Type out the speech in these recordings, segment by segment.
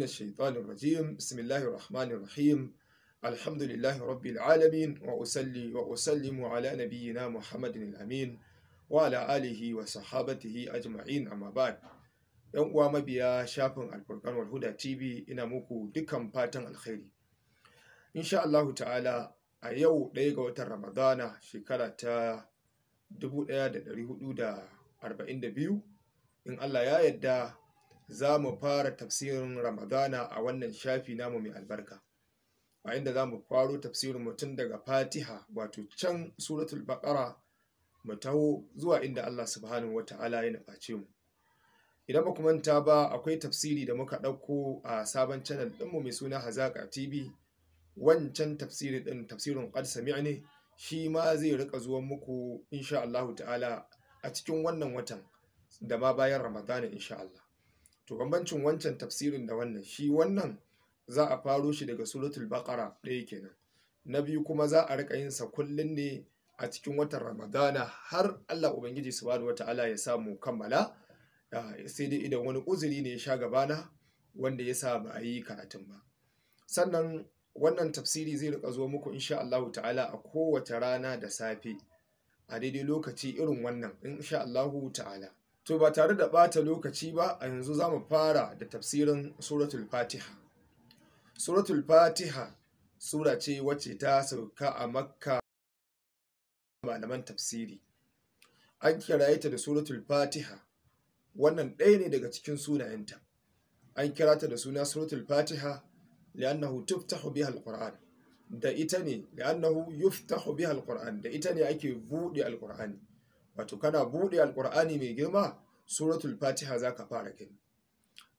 من الشيطان الرجيم بسم الله الرحمن الرحيم الحمد لله رب العالمين وأسلي وأسلم على نبينا محمد الأمين وعلى آله وصحابته أجمعين أما بعد ‘Yan uwa mabiya shafin Alfurkan Walhuda TV ina muku dukan fatan alkhairi. Insha Allahu ta'ala a yau ɗaya ga watan Ramadana shekara ta 1442 in Allah ya yadda za mu fara tafsirin Ramadana a wannan shafi namu mai albarka. A inda za mu faro tafsirin mutum daga Fatiha wato can Suratul Baƙara mu taho zuwa inda Allah subhanahu wa ta'ala ya nufaci mu. Idan ba manta ba akwai tafsiri da muka ɗauko a sabon canal ɗinmu mai suna hazaka TV wancan tafsiri ɗin tafsirin Qad Sami'ni shi ma zai rika zuwa muku insha Allah ta'ala a cikin wannan watan da ma bayan Ramadana insha Allah. to bambancin wancan tafsirin da wannan shi wannan za a faro shi daga suratul baqara ɗaya kenan na biyu kuma za a rika yin sa kullun ne a cikin watan ramadana har Allah ubangiji subhanahu wataala ya samu kammala sai dai idan wani uzuri ne ya sha gabana wanda ya sa ba a yi karatun ba sannan wannan tafsiri zai rika zo muku insha Allahu ta'ala a kowace rana da safe a daidai lokaci irin wannan insha Allahu ta'ala To ba tare da bata lokaci ba a yanzu za mu fara da tafsirin Suratul Fatiha. Suratul Fatiha sura ce wacce ta sauka a Makka malaman tafsiri. An kira ita da Suratul Fatiha, wannan ɗaya ne daga cikin sunayenta. An kira ta da suna Suratul Fatiha li'annahu tuftahu quran Da ita ne li'annahu yuftahu biha quran da ita ne ake buɗe al wato kana buɗe alkur'ani mai girma suratul fatiha za ka fara kai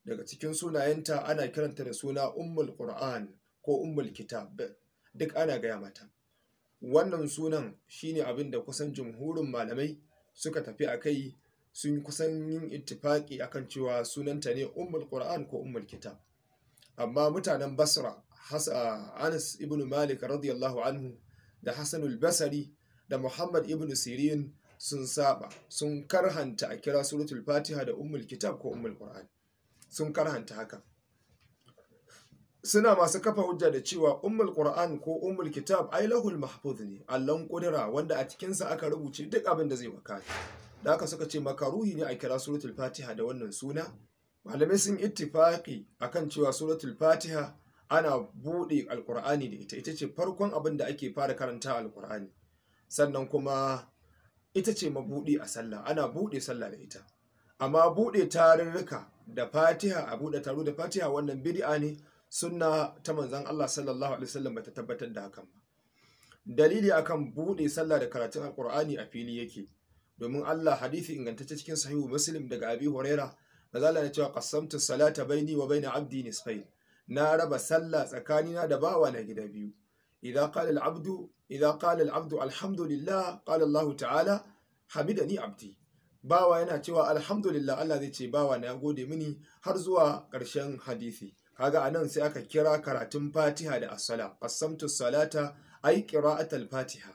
daga cikin sunayenta ana kiranta da suna ummul qur'an ko ummul kitab duk ana gaya mata wannan sunan shine abin da kusan jumhurin malamai suka tafi a kai sun kusan yin ittifaki akan cewa sunanta ne ummul qur'an ko ummul kitab amma mutanen basra anas ibn malik radiyallahu anhu da hassan basari da muhammad ibn sirin sun saba sun karhanta a kira suratul fatiha da ummul kitab ko ummul qur'an sun karhanta haka suna masu kafa hujja da cewa ummul qur'an ko ummul kitab ai lahul mahfuz ne allon kudura wanda a cikin sa aka rubuce duk abin da zai wakana da haka suka ce makaruhi ne a kira suratul fatiha da wannan suna malamai sun ittifaqi akan cewa suratul fatiha ana bude alqur'ani da ita ita ce farkon abin da ake fara karanta alqur'ani sannan kuma ita ce mabuɗi a sallah ana buɗe sallah da ita amma buɗe tarurruka da fatiha a buɗe taro da fatiha wannan bid'a ne sunna ta manzon Allah sallallahu alaihi wasallam bata tabbatar da hakan ba dalili akan buɗe sallah da karatun alqur'ani a fili yake domin Allah hadisi ingantacce cikin sahihu muslim daga abi huraira mazala na cewa qasamtu salata baini wa baina abdi nisfain na raba sallah tsakanina da bawa na gida biyu idza qala abdu idza alhamdulillah qala Allah ta'ala hamidani abdi bawa yana cewa alhamdulillah Allah zai ce bawa na gode mini har zuwa ƙarshen hadisi kaga anan sai aka kira karatun Fatiha da as-sala qasamtu salata ay qira'atul Fatiha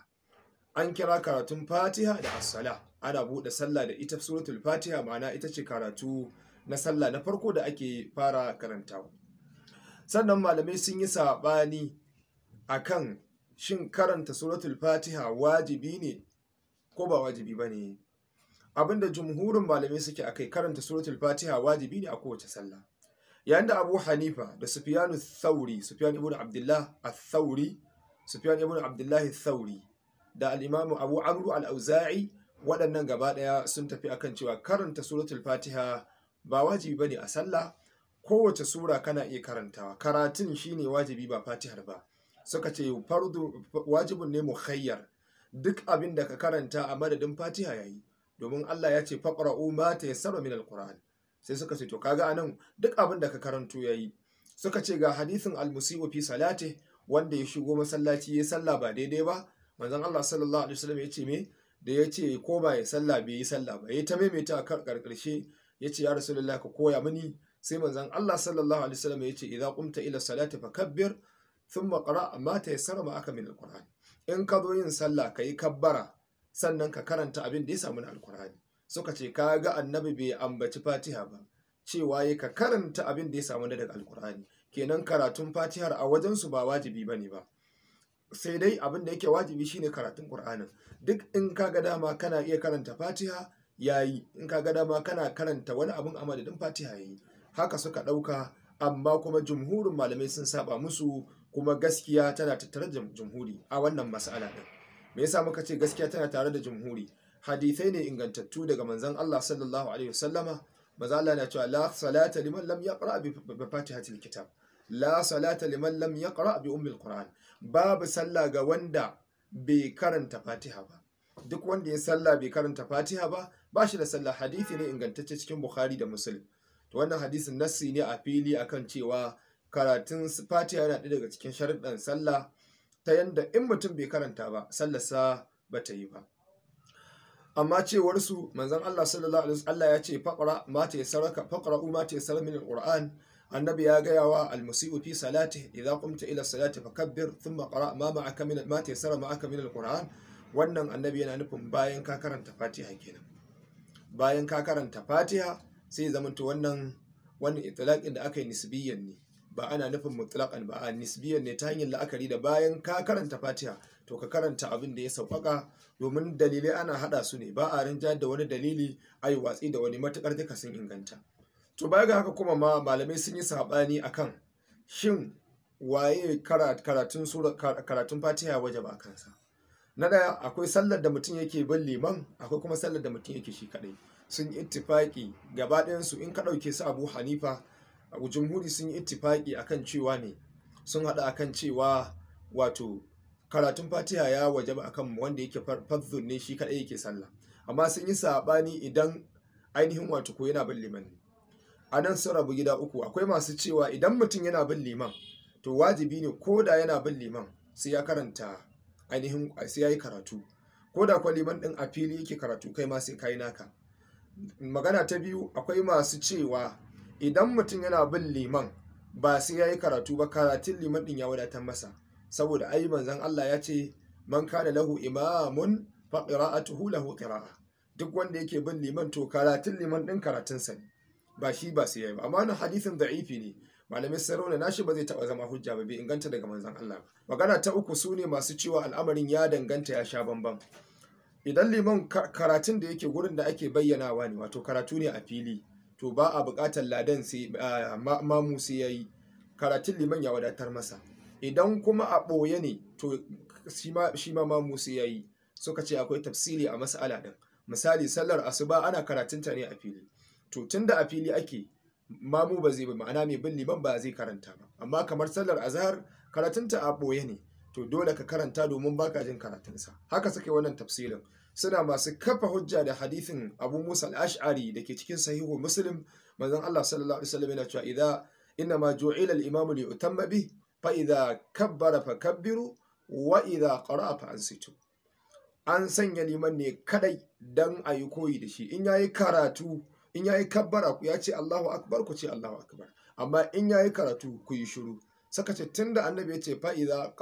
an kira karatun Fatiha da as-sala ana bude sallah da ita suratul Fatiha ma'ana ita ce karatu na sallah na farko da ake fara karantawa sannan malamai sun yi sabani akan shin karanta suratul fatiha wajibi ne ko ba wajibi ba ne abinda jumhurin malamai suke akai karanta suratul fatiha wajibi ne a kowace sallah yayin da abu hanifa da sufiyanu thauri sufiyanu ibn abdullah al-thauri sufiyanu ibn abdullah al-thauri da al-imamu abu amru al-auza'i waɗannan gaba ɗaya sun tafi akan cewa karanta suratul fatiha ba wajibi bane a sallah kowace sura kana iya karantawa karatun shine wajibi ba fatihar ba suka ce fardu wajibun ne mukhayyar duk abin da ka karanta a madadin fatiha yayi domin Allah ya ce faqra'u ma tayassara min alquran sai suka ce to kaga anan duk abin da ka karanto yayi suka ce ga hadisin almusiu fi salati wanda ya shigo masallaci ya salla ba daidai ba manzon Allah sallallahu alaihi wasallam ya ce me da ya ce ko ba ya salla bai yi salla ba ya ta maimaita a karkarshe ya ce ya rasulullahi ka koya mini sai manzon Allah sallallahu alaihi wasallam ya ce idza qumta ila salati fakabbir sun makara amma ta yi sarama aka min alkur'ani in ka zo yin sallah ka yi kabbara sannan ka karanta abin da ya samu na alkur'ani suka ce ka ga annabi bai ambaci fatiha ba cewa ya ka karanta abin da ya samu daga alkur'ani kenan karatun fatihar a wajensu ba wajibi ba ne ba sai dai abin da yake wajibi shine karatun qur'anin duk in ka ga dama kana iya karanta fatiha yayi in ka ga dama kana karanta wani abin a madadin fatiha yi? haka suka ɗauka amma kuma jumhurin malamai sun saba musu kuma gaskiya tana tattare da jamhuri a wannan mas'ala din me yasa muka ce gaskiya tana tare da jamhuri Hadisai ne ingantattu daga manzon Allah sallallahu alaihi wasallama maza Allah na cewa la salata liman lam yaqra bi fatihatil kitab la salata liman lam yaqra bi ummi alquran babu sallah ga wanda bai karanta fatiha ba duk wanda ya sallah bai karanta fatiha ba ba shi da sallah hadisi ne ingantacce cikin bukhari da muslim to wannan hadisin nassi ne a fili akan cewa karatun fatiha yana ɗaya daga cikin sharuɗan sallah ta yanda in mutum bai karanta ba sallasa ba ta yi ba amma cewarsu, manzan Allah sallallahu alaihi wasallam ya ce faqra ma ta saraka faqra ma ta sar min alquran annabi ya gaya wa almusiu fi salati idza qumta ila salati fakabbir sun qra ma ma'aka min ma ta sar ma'aka min alquran wannan annabi yana nufin bayan ka karanta fatiha kenan bayan ka karanta fatiha sai zamanto wannan wannan itlaqin da aka yi nisbiyyan ne ba ana nufin mutlaƙan ba a nisbiyan ne ta hanyar la'akari da bayan ka karanta fatiha to ka karanta abin da ya sauƙaƙa domin dalilai ana haɗa su ne ba a rinja da wani dalili a yi watsi da wani matuƙar duka sun inganta to baya ga haka kuma ma malamai sun yi saɓani a kan shin waye karatun karatun fatiha waje ba kansa na ɗaya akwai sallar da mutum yake bin liman akwai kuma sallar da mutum yake shi kaɗai sun ittifaƙi gaba ɗayansu in ka ɗauke su abu hanifa jumhuri sun yi ittifaki akan cewa ne sun a akan cewa wato karatun fatiha ya waje a akan wanda yake fadhun ne shi kaɗai yake sallah amma sun yi saɓani idan ainihin wato ko yana bin liman a nan sun rabu gida uku akwai masu cewa idan mutum yana bin liman to wajibi ne ko da yana bin liman sai ya karanta ainihin sai ya yi karatu ko da kwa liman ɗin a fili yake karatu kai ma sai kai naka magana ta biyu akwai masu cewa idan mutum yana bin liman ba sai ya yi karatu ba karatun liman ɗin ya wadatar masa saboda ayi manzan Allah ya ce man kana lahu imamun fa qira'atuhu lahu qira'a duk wanda yake bin liman to karatun liman ɗin karatunsa ne ba shi ba sai ya yi ba amma wannan hadisin da'ifi ne malamai sarauna na nashi ba zai taɓa zama hujja ba bai inganta daga manzan Allah ba magana ta uku su ne masu cewa al'amarin ya danganta ya sha bambam. idan liman karatun da yake gurin da ake bayyanawa ne wato karatu ne a fili to ba a buƙatar ladan sai mamu sai ya yi karatun liman ya wadatar masa idan kuma a ɓoye ne to shi ma mamu sai ya yi suka ce akwai tafsiri a mas'ala ɗin misali sallar asuba ana karatunta ne a fili to tunda a fili ake mamu ba zai ma'ana mai bin liman ba zai karanta ba amma kamar sallar azhar karatunta a ɓoye ne to dole ka karanta domin baka jin karatunsa haka suke wannan tafsirin suna masu kafa hujja da hadithin Abu Musa al-Ash'ari da ke cikin sahihu Muslim manzon Allah sallallahu alaihi wasallam yana cewa idza inna ma ju'ila al-imamu li utamma bi fa idza kabbara fakabbiru wa idza qara'a fa ansitu an sanya liman ne kadai dan ayi koyi da shi in yayi karatu in yayi kabbara ku ya ce Allahu akbar ku ce Allahu akbar amma in yayi karatu ku yi shiru saka ce tunda annabi ya ce fa idza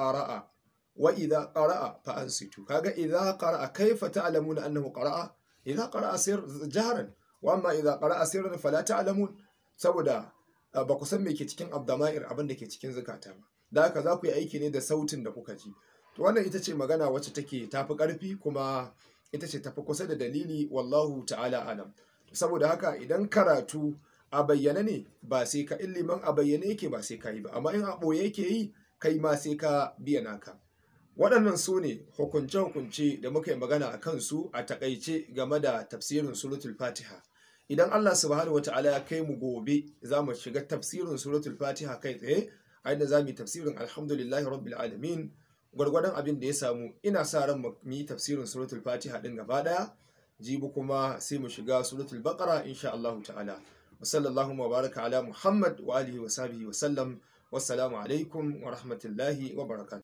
wa idza qara'a fa ansitu kaga idza qara'a kaifa ta'lamuna annahu qara'a idza qara'a sir jaharan wa amma idza qara'a sirran fala ta'lamun saboda ah, ba ku san me ke cikin abdama'ir abin da ke cikin zakata ba da haka za ku yi aiki ne da sautin da kuka ji to wannan ita ce magana wacce take tafi karfi kuma ita ce tafi kusa da dalili wallahu ta'ala alam saboda haka idan karatu a bayyane ne ba sai ka illiman a bayyane yake ba sai ka yi ba amma in a boye yake yi kai ma sai ka biya naka waɗannan su ne hukunce-hukunce da muka yi magana a kansu a takaice game da tafsirin suratul fatiha idan allah subhanahu Ta'ala ya kai mu gobe za mu shiga tafsirin suratul fatiha kai tsaye a yadda za mu yi tafsirin alhamdulillahi rabbil alamin gwargwadon abin da ya samu ina sa ran mu yi tafsirin suratul fatiha din gaba daya jibi kuma sai mu shiga suratul baqara insha allahu ta'ala wa sallallahu wa baraka ala muhammad wa alihi wa sahbihi wa sallam wassalamu alaikum wa rahmatullahi wa barakatuh